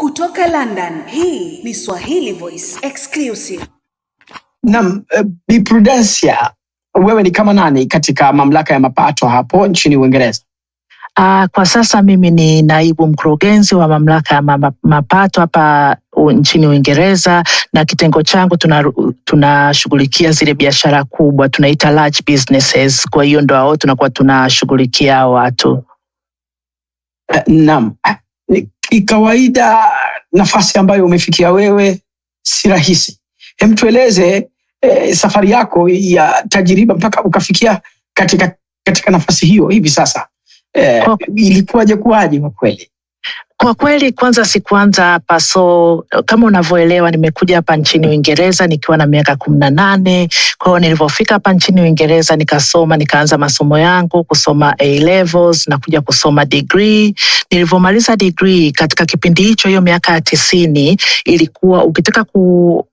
kutoka London. Hii ni Swahili Voice Exclusive. Nam uh, eh, Bi Prudensia, wewe ni kama nani katika mamlaka ya mapato hapo nchini Uingereza? Uh, kwa sasa mimi ni naibu mkurugenzi wa mamlaka ya mapato hapa nchini Uingereza na kitengo changu tunashughulikia tuna zile biashara kubwa tunaita large businesses. Kwa hiyo ndo ao tunakuwa tunashughulikia watu. Uh, naam kikawaida nafasi ambayo umefikia wewe si rahisi. Hem, tueleze e, safari yako ya tajiriba mpaka ukafikia katika, katika nafasi hiyo hivi sasa e, oh. Ilikuwaje kuwaje kwa kweli? Kwa kweli kwanza sikuanza hapa, so kama unavyoelewa, nimekuja hapa nchini Uingereza nikiwa na miaka kumi na nane. Kwa hiyo nilivyofika hapa nchini Uingereza nikasoma, nikaanza masomo yangu kusoma A levels na kuja kusoma degree. Nilivyomaliza degree katika kipindi hicho, hiyo miaka ya tisini, ilikuwa ukitaka ku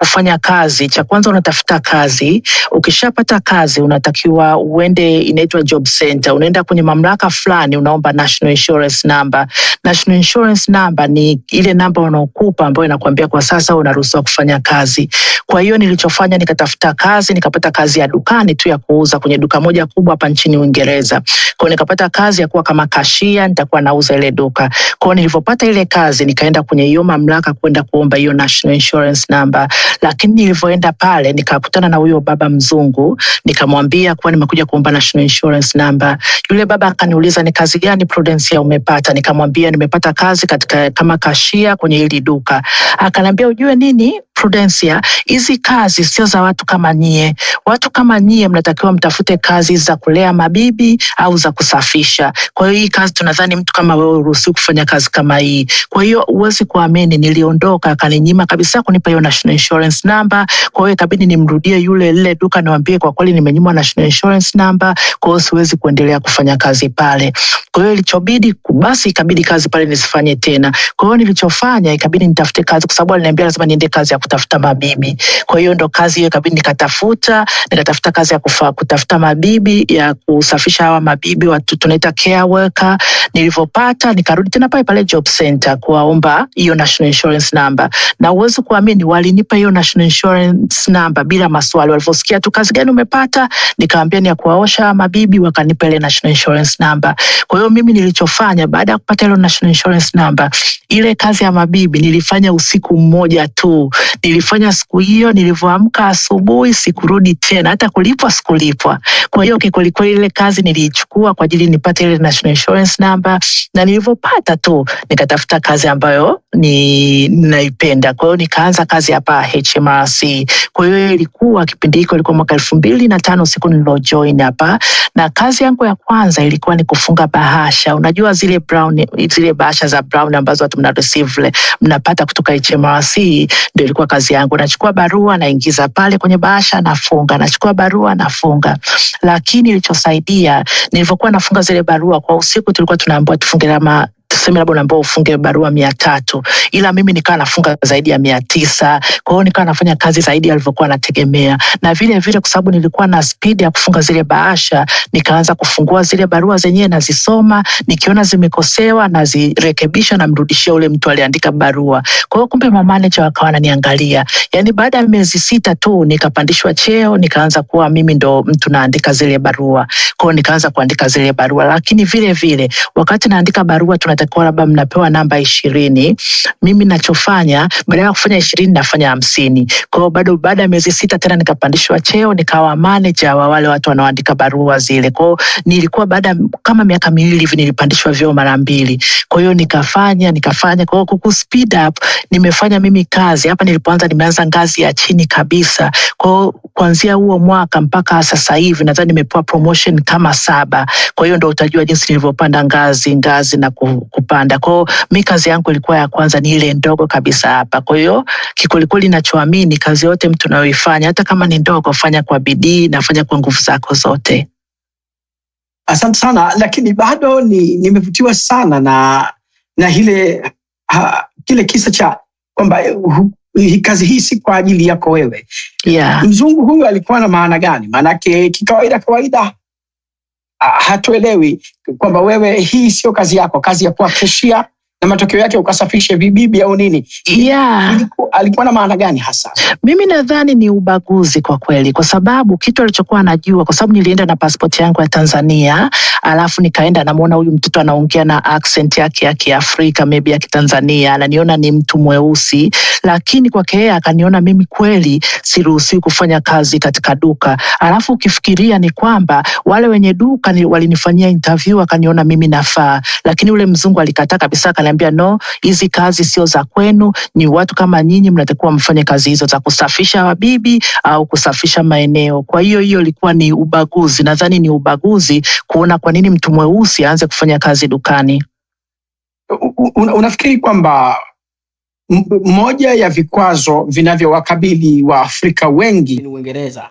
kufanya kazi, cha kwanza unatafuta kazi. Ukishapata kazi, unatakiwa uende, inaitwa job center, unaenda kwenye mamlaka fulani, unaomba national insurance number. National insurance number ni ile namba wanaokupa ambayo inakuambia kwa sasa unaruhusiwa kufanya kazi. Kwa hiyo nilichofanya, nikatafuta kazi, nikapata kazi ya dukani tu ya kuuza kwenye duka moja kubwa hapa nchini Uingereza. Kwa nikapata kazi ya kuwa kama kashia, nitakuwa nauza ile duka. Kwa hiyo nilivyopata ile kazi, nikaenda kwenye hiyo mamlaka kwenda kuomba hiyo national insurance number lakini nilivyoenda pale nikakutana na huyo baba mzungu, nikamwambia kuwa nimekuja kuomba national insurance number. Yule baba akaniuliza ni kazi gani ya umepata? Nikamwambia nimepata kazi katika kama kashia kwenye hili duka. akanambia ujue nini Prudensia, hizi kazi sio za watu kama nyie. Watu kama nyie mnatakiwa mtafute kazi za kulea mabibi au za kusafisha. Kwa hiyo hii kazi tunadhani mtu kama wewe uruhusiwi kufanya kazi kama hii. Kwa hiyo huwezi kuamini, niliondoka akaninyima kabisa kunipa hiyo national insurance number. Kwa hiyo ikabidi nimrudie yule lile duka niwaambie, kwa kweli nimenyimwa national insurance number, kwa hiyo siwezi kuendelea kufanya kazi pale. Kwa hiyo ilichobidi basi, ikabidi kazi pale nisifanye tena. Kwa hiyo nilichofanya, ikabidi nitafute kazi, kwa sababu aliniambia lazima niende kazi ya kutafuta mabibi. Kwa hiyo ndo kazi hiyo ikabidi nikatafuta, nikatafuta kazi ya kufa, kutafuta mabibi ya kusafisha hawa mabibi watu tunaita care worker. Nilivyopata nikarudi tena pale pale job center kuwaomba hiyo national insurance number, na uwezo kuamini walinipa hiyo national insurance number bila maswali. Walivyosikia tu kazi gani umepata, nikaambia ni ya kuwaosha mabibi, wakanipa ile national insurance number. Kwa hiyo mimi nilichofanya baada ya kupata ile national insurance number, ile kazi ya mabibi nilifanya usiku mmoja tu, nilifanya siku hiyo, nilivyoamka asubuhi sikurudi tena, hata kulipwa sikulipwa. Kwa hiyo kikwelikweli, ile kazi niliichukua kwa ajili nipate ile national insurance number, na nilivyopata tu nikatafuta kazi ambayo ni naipenda. Kwa hiyo nikaanza kazi hapa HMRC. Kwa hiyo ilikuwa kipindi hiko ilikuwa mwaka elfu mbili na tano siku nililojoin hapa, na kazi yangu ya kwanza ilikuwa ni kufunga bahasha. Unajua zile brown, zile bahasha za brown ambazo watu mna receive mnapata kutoka HMRC, ndio ilikuwa kwa kazi yangu, nachukua barua naingiza pale kwenye bahasha, nafunga, nachukua barua nafunga. Lakini ilichosaidia nilivyokuwa nafunga zile barua, kwa usiku tulikuwa tunaambiwa tufunge tuseme labda unaambiwa ufunge barua mia tatu ila mimi nikawa nafunga zaidi ya mia tisa kwa hiyo nikawa nafanya kazi zaidi alivyokuwa nategemea, na vile vile kwa sababu nilikuwa na spidi ya kufunga zile bahasha, nikaanza kufungua zile barua zenyewe, nazisoma, nikiona zimekosewa nazirekebisha, namrudishia ule mtu aliandika barua. Kwa hiyo kumbe mamaneja wakawa wananiangalia, yani baada ya miezi sita tu nikapandishwa cheo, nikaanza kuwa mimi ndo mtu naandika zile barua. Kwa hiyo nikaanza kuandika zile barua, lakini vile vile wakati naandika barua tunata mnapewa labda mnapewa namba ishirini. Mimi nachofanya badala ya kufanya ishirini nafanya hamsini. Kwa hiyo bado baada ya miezi sita tena nikapandishwa cheo nikawa manaja wa wale watu wanaoandika barua zile. Kwa hiyo nilikuwa baada kama miaka miwili hivi nilipandishwa vyeo mara mbili. Kwa hiyo nikafanya nikafanya. Kwa hiyo kuku speed up nimefanya mimi kazi hapa nilipoanza, nimeanza ngazi ya chini kabisa. Kwa hiyo kuanzia huo mwaka mpaka sasa hivi nadhani nimepewa promotion kama saba. Kwa hiyo ndo utajua jinsi nilivyopanda ngazi ngazi na ku, ku kupanda. Kwa hiyo mi kazi yangu ilikuwa ya kwanza ni ile ndogo kabisa hapa. Kwa hiyo kikwelikweli, nachoamini kazi yote mtu unayoifanya, hata kama ni ndogo, fanya kwa bidii na fanya kwa nguvu zako zote. Asante sana, lakini bado ni nimevutiwa sana na na ile kile kisa cha kwamba kazi hii si kwa ajili yako wewe. Yeah. Mzungu huyu alikuwa na maana gani? Maanake kikawaida kawaida hatuelewi kwamba wewe, hii sio kazi yako. Kazi ya kuakishia na matokeo yake ukasafishe vibibi au nini? Yeah. Alikuwa na maana gani hasa? Mimi nadhani ni ubaguzi kwa kweli, kwa sababu kitu alichokuwa anajua, kwa sababu nilienda na pasipoti yangu ya Tanzania, alafu nikaenda namwona huyu mtoto anaongea na accent yake ya Kiafrika maybe ya Kitanzania, ananiona ni mtu mweusi, lakini kwake yeye akaniona mimi kweli siruhusiwi kufanya kazi katika duka. Alafu ukifikiria ni kwamba wale wenye duka walinifanyia interview akaniona mimi nafaa, lakini ule mzungu alikataa kabisa, ananiambia no, hizi kazi sio za kwenu, ni watu kama nyinyi mnatakiwa mfanye kazi hizo za kusafisha wabibi au kusafisha maeneo. Kwa hiyo hiyo ilikuwa ni ubaguzi, nadhani ni ubaguzi kuona kwa nini mtu mweusi aanze kufanya kazi dukani. unafikiri kwamba moja ya vikwazo vinavyowakabili Waafrika wengi ni Uingereza?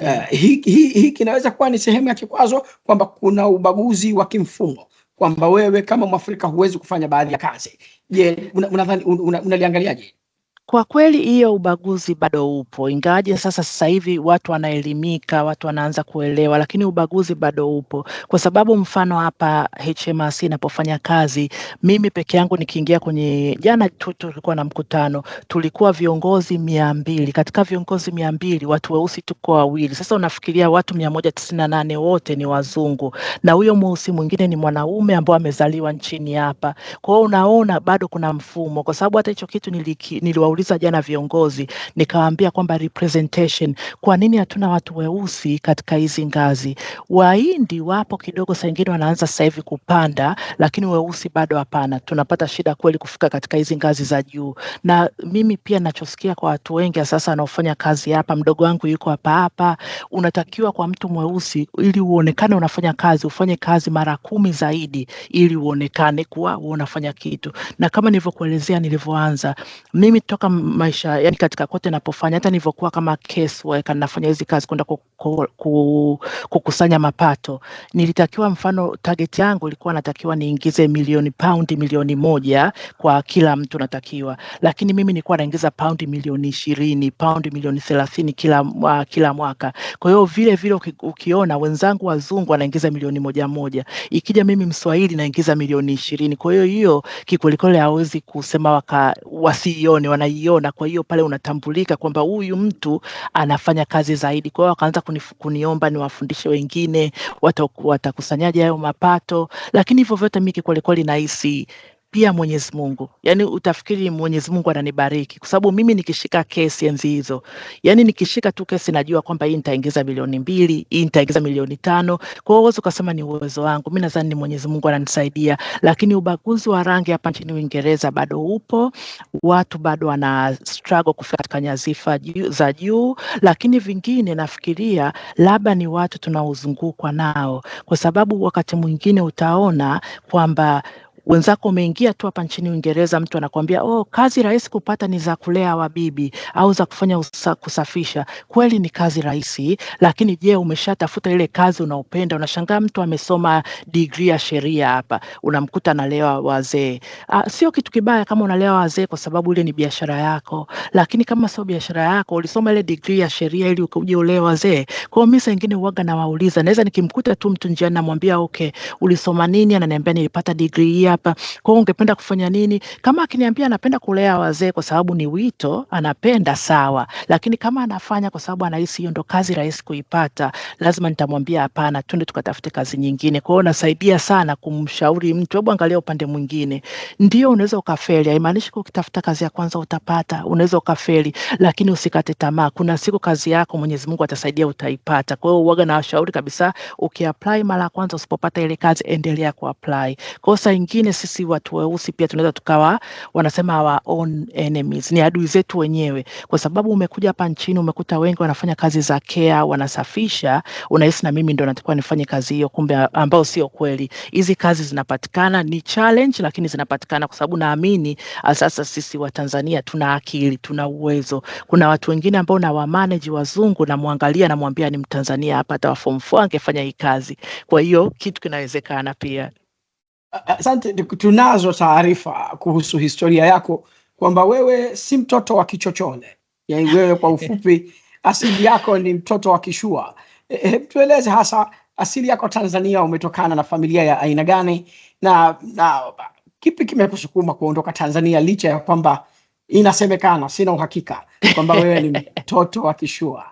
Uh, eh, hii hi, hi, kinaweza kuwa ni sehemu ya kikwazo kwamba kuna ubaguzi wa kimfumo kwamba wewe kama Mwafrika huwezi kufanya baadhi ya kazi. Je, una, unaliangaliaje? Kwa kweli hiyo ubaguzi bado upo, ingawaje sasa sasa hivi watu wanaelimika, watu wanaanza kuelewa, lakini ubaguzi bado upo. Kwa sababu mfano hapa HMRC inapofanya kazi, mimi peke yangu nikiingia kwenye, jana tu tulikuwa na mkutano, tulikuwa viongozi mia mbili. Katika viongozi mia mbili watu weusi tuko wawili. Sasa unafikiria watu mia moja tisini na nane wote ni wazungu, na huyo mweusi mwingine ni mwanaume ambao amezaliwa nchini hapa. Kwa hiyo unaona bado kuna mfumo, kwa sababu hata hicho kitu niliwa nikawauliza jana viongozi, nikawaambia kwamba representation, kwa nini hatuna watu weusi katika hizi ngazi? Wahindi wapo kidogo, saa ingine wanaanza sasa hivi kupanda, lakini weusi bado hapana. Tunapata shida kweli kufika katika hizi ngazi za juu, na mimi pia nachosikia kwa watu wengi sasa wanaofanya kazi hapa, mdogo wangu yuko hapa hapa, unatakiwa kwa mtu mweusi ili uonekane unafanya kazi, ufanye kazi mara kumi zaidi ili uonekane kuwa unafanya kitu, na kama nilivyokuelezea nilivyoanza mimi toka katika maisha yani, katika kote napofanya, hata nilivyokuwa kama casework nafanya hizi kazi kwenda kukusanya mapato, nilitakiwa mfano, target yangu ilikuwa natakiwa niingize milioni paundi milioni moja kwa kila mtu natakiwa, lakini mimi nilikuwa naingiza paundi milioni ishirini paundi milioni thelathini kila, uh, kila mwaka. Kwa hiyo vile vile ukiona wenzangu wazungu wanaingiza milioni moja moja, ikija mimi mswahili naingiza milioni ishirini. Kwa hiyo hiyo kikolikole hawezi kusema waka wasiione wana wanaiona. Kwa hiyo pale unatambulika kwamba huyu mtu anafanya kazi zaidi. Kwa hiyo wakaanza kuniomba niwafundishe wengine watakusanyaje hayo mapato, lakini hivyo vyote mimi kweli nahisi pia Mwenyezi Mungu. Yaani utafikiri Mwenyezi Mungu ananibariki kwa sababu mimi nikishika kesi enzi hizo, yaani nikishika tu kesi najua kwamba hii nitaingiza milioni mbili, hii nitaingiza milioni tano. Kwa hiyo ukasema ni uwezo wangu, Mimi nadhani ni Mwenyezi Mungu ananisaidia. Lakini ubaguzi wa rangi hapa nchini Uingereza bado upo, watu bado wana struggle kufika katika nyadhifa za juu. Lakini vingine nafikiria labda ni watu tunaozungukwa nao, kwa sababu wakati mwingine utaona kwamba wenzako umeingia tu hapa nchini Uingereza, mtu anakuambia oh, kazi rahisi kupata ni za kulea wabibi au za kufanya usa, kusafisha. Kweli ni kazi rahisi, lakini je, umeshatafuta ile kazi unaopenda? Unashangaa mtu amesoma degree ya sheria hapa unamkuta analewa wazee. Ah, sio kitu kibaya kama unalewa wazee, kwa sababu ile ni biashara yako, lakini kama sio biashara yako, ulisoma ile degree ya sheria ili ukuje ulewe wazee. Kwa hiyo mimi saa nyingine huaga nawauliza, naweza nikimkuta tu mtu njiani namwambia okay, ulisoma nini? Ananiambia nilipata degree hapa. Kwa hiyo ungependa kufanya nini? Kama akiniambia anapenda kulea wazee kwa sababu ni wito, anapenda sawa, lakini kama anafanya kwa sababu anahisi hiyo ndo kazi rahisi kuipata, lazima nitamwambia hapana, twende tukatafute kazi nyingine. Kwa hiyo nasaidia sana kumshauri mtu, hebu angalia upande mwingine. Ndio unaweza ukafeli, haimaanishi ukitafuta kazi ya kwanza utapata, unaweza ukafeli, lakini usikate tamaa. Kuna siku kazi yako Mwenyezi Mungu atasaidia, utaipata. Kwa hiyo uwaga nawashauri kabisa, ukiapply mara ya kwanza usipopata ile kazi, endelea kuapply. Kwa hiyo saa ingine pengine sisi watu weusi pia tunaweza tukawa wanasema our own enemies, ni adui zetu wenyewe, kwa sababu umekuja hapa nchini umekuta wengi wanafanya kazi za kea, wanasafisha, unahisi na mimi ndo natakiwa nifanye kazi hiyo, kumbe ambao sio kweli. Hizi kazi zinapatikana, ni challenge, lakini zinapatikana kwa sababu naamini ah, sasa sisi Watanzania tuna akili, tuna uwezo. Kuna watu wengine ambao na wamanage wazungu, namwangalia namwambia ni Mtanzania hapa, hata wa form four angefanya hii kazi. Kwa hiyo kitu kinawezekana pia. Asante, tunazo taarifa kuhusu historia yako kwamba wewe si mtoto wa kichochole, yaani wewe kwa ufupi asili yako ni mtoto wa kishua. E, tueleze hasa asili yako Tanzania, umetokana na familia ya aina gani na, na kipi kimekusukuma kuondoka Tanzania licha ya kwamba inasemekana, sina uhakika, kwamba wewe ni mtoto wa kishua?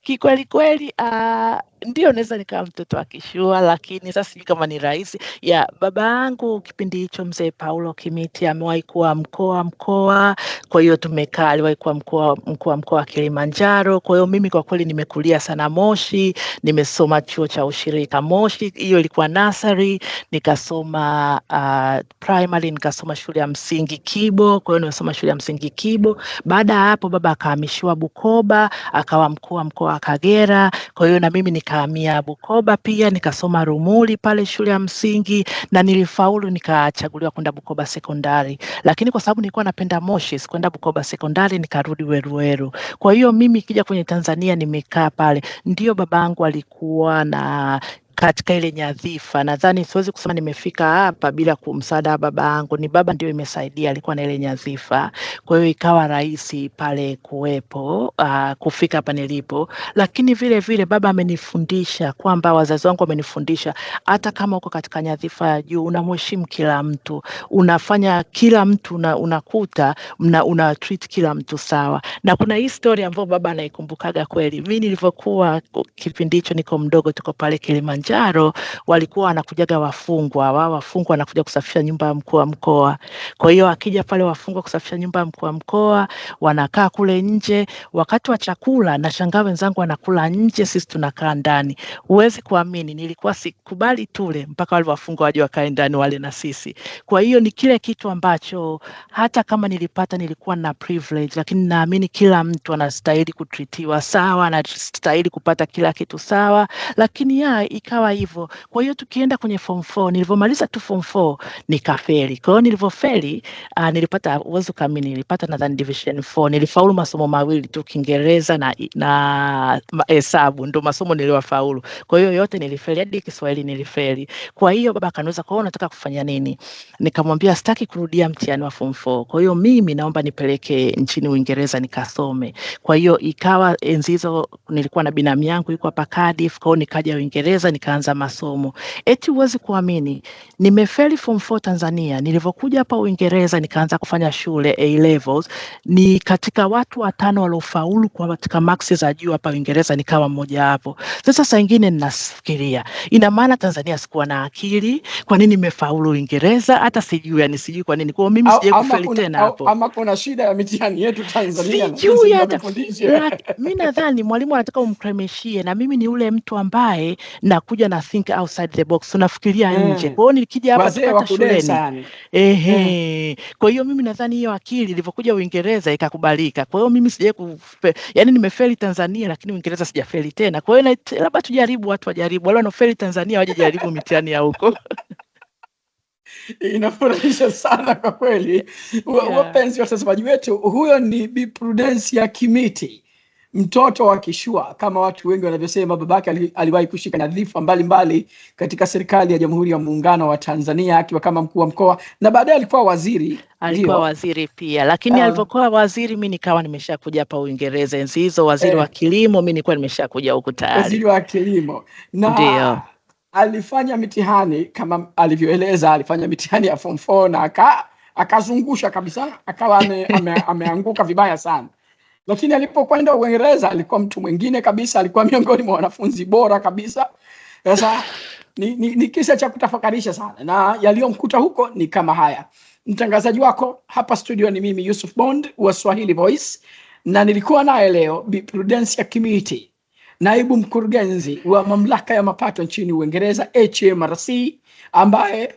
Kikweli kweli, uh, ndio naweza nikawa mtoto wa kishua, lakini sasa sijui kama ni rahisi ya baba yangu kipindi hicho, mzee Paulo Kimiti amewahi kuwa mkoa mkoa, kwa hiyo tumekaa, aliwahi kuwa mkoa mkoa mkoa wa Kilimanjaro. Kwa hiyo mimi kwa kweli nimekulia sana Moshi, nimesoma chuo cha ushirika Moshi, hiyo ilikuwa nasari, nikasoma uh, primary, nikasoma shule ya msingi Kibo, kwa hiyo nimesoma shule ya msingi Kibo. Baada ya hapo baba akahamishiwa Bukoba, akawa mkuu wa mkoa wa Kagera, kwa hiyo na mimi nika nikahamia Bukoba pia nikasoma Rumuli pale shule ya msingi na nilifaulu nikachaguliwa kwenda Bukoba sekondari, lakini kwa sababu nilikuwa napenda Moshi sikwenda Bukoba sekondari, nikarudi Weruweru. Kwa hiyo mimi ikija kwenye Tanzania nimekaa pale. Ndio babangu alikuwa na katika ile nyadhifa. Nadhani siwezi kusema nimefika hapa bila kumsaada baba yangu, ni baba ndio imesaidia, alikuwa na ile nyadhifa, kwa hiyo ikawa rahisi pale kuwepo uh, kufika hapa nilipo. Lakini vile vile baba amenifundisha kwamba, wazazi wangu wamenifundisha, hata kama uko katika nyadhifa ya juu, unamheshimu kila mtu, unafanya kila mtu una, unakuta una, una treat kila mtu sawa, na kuna hii story ambayo baba anaikumbukaga kweli. Mimi nilivyokuwa kipindi hicho niko mdogo, tuko pale Kilimanjaro Kilimanjaro walikuwa wanakujaga wafungwa wao, wafungwa wanakuja kusafisha nyumba ya mkuu wa mkoa. Kwa hiyo akija pale wafungwa kusafisha nyumba ya mkuu wa mkoa, wanakaa kule nje. Wakati wa chakula na shangaa wenzangu wanakula nje, sisi tunakaa ndani. Huwezi kuamini, nilikuwa sikubali tule mpaka wale wafungwa waje wakae ndani wale na sisi. Kwa hiyo ni kile kitu ambacho hata kama nilipata, nilikuwa na privilege, lakini naamini kila mtu anastahili kutritiwa sawa, anastahili kupata kila kitu sawa, lakini ya ikawa ikawa hivyo. Kwa hiyo tukienda kwenye form 4, nilivyomaliza tu form 4 nikafeli. Kwa hiyo nilivyofeli, uh, nilipata uwezo kamili, nilipata nadhani division 4. Nilifaulu masomo mawili tu, Kiingereza na na hesabu, ndio masomo niliyofaulu. Kwa hiyo yote nilifeli, hadi Kiswahili nilifeli. Kwa hiyo baba akaniuliza, kwa hiyo unataka kufanya nini? Nikamwambia sitaki kurudia mtihani wa form 4. Kwa hiyo mimi naomba nipeleke nchini Uingereza nikasome. Kwa hiyo ikawa enzi hizo nilikuwa na binamu yangu yuko hapa Cardiff, kwa hiyo nikaja Uingereza nika nikaanza masomo. Eti huwezi kuamini, nimefeli form 4 Tanzania. Nilivyokuja hapa Uingereza nikaanza kufanya shule A levels, ni katika watu watano waliofaulu kwa katika marks za juu hapa Uingereza, nikawa mmoja wapo. Sasa saa ingine ninafikiria, ina maana Tanzania sikuwa na akili? Kwa nini nimefaulu Uingereza? Hata sijui, yani sijui kwa nini. Kwa mimi sije kufeli tena hapo, ama kuna shida ya mitihani yetu Tanzania, sijui hata mimi nadhani mwalimu anataka umkremeshie, na mimi ni ule mtu ambaye nakuja unakuja na think outside the box, unafikiria mm. Eh. nje. Kwa hiyo nilikija hapa hata shuleni ehe. Mm. Kwa hiyo mimi nadhani hiyo akili ilivyokuja Uingereza ikakubalika. Kwa hiyo mimi sijaye ku yani, nimefeli Tanzania lakini Uingereza sijafeli tena. Kwa hiyo labda tujaribu, watu wajaribu, wale wanaofeli Tanzania waje jaribu mitihani ya huko. Inafurahisha sana kwa kweli, yeah. Wapenzi watazamaji wetu, huyo ni Bi ya Kimiti mtoto wa kishua kama watu wengi wanavyosema, babake aliwahi kushika nyadhifa mbalimbali katika serikali ya Jamhuri ya Muungano wa Tanzania akiwa kama mkuu wa mkoa na baadaye alikuwa waziri alikuwa Dio. waziri pia lakini uh, ah. alivyokuwa waziri mi nikawa nimeshakuja hapa Uingereza enzi hizo, waziri eh, wa kilimo mi nilikuwa nimeshakuja huku tayari, waziri wa kilimo na Dio. alifanya mitihani kama alivyoeleza, alifanya mitihani ya form 4 na akazungusha aka kabisa, akawa ame, ame, ameanguka vibaya sana lakini alipokwenda Uingereza alikuwa mtu mwingine kabisa, alikuwa miongoni mwa wanafunzi bora kabisa. Sasa ni, ni, ni kisa cha kutafakarisha sana, na yaliyomkuta huko ni kama haya. Mtangazaji wako hapa studio ni mimi Yusuf Bond wa Swahili Voice, na nilikuwa naye leo Bi Prudensia Kimiti, naibu mkurugenzi wa mamlaka ya mapato nchini Uingereza HMRC, ambaye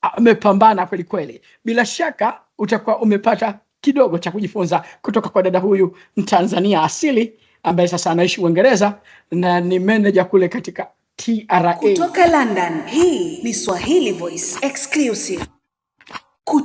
amepambana kwelikweli. Bila shaka utakuwa umepata kidogo cha kujifunza kutoka kwa dada huyu Mtanzania asili ambaye sasa anaishi Uingereza na ni meneja kule katika TRA kutoka London. Hii ni Swahili Voice Exclusive.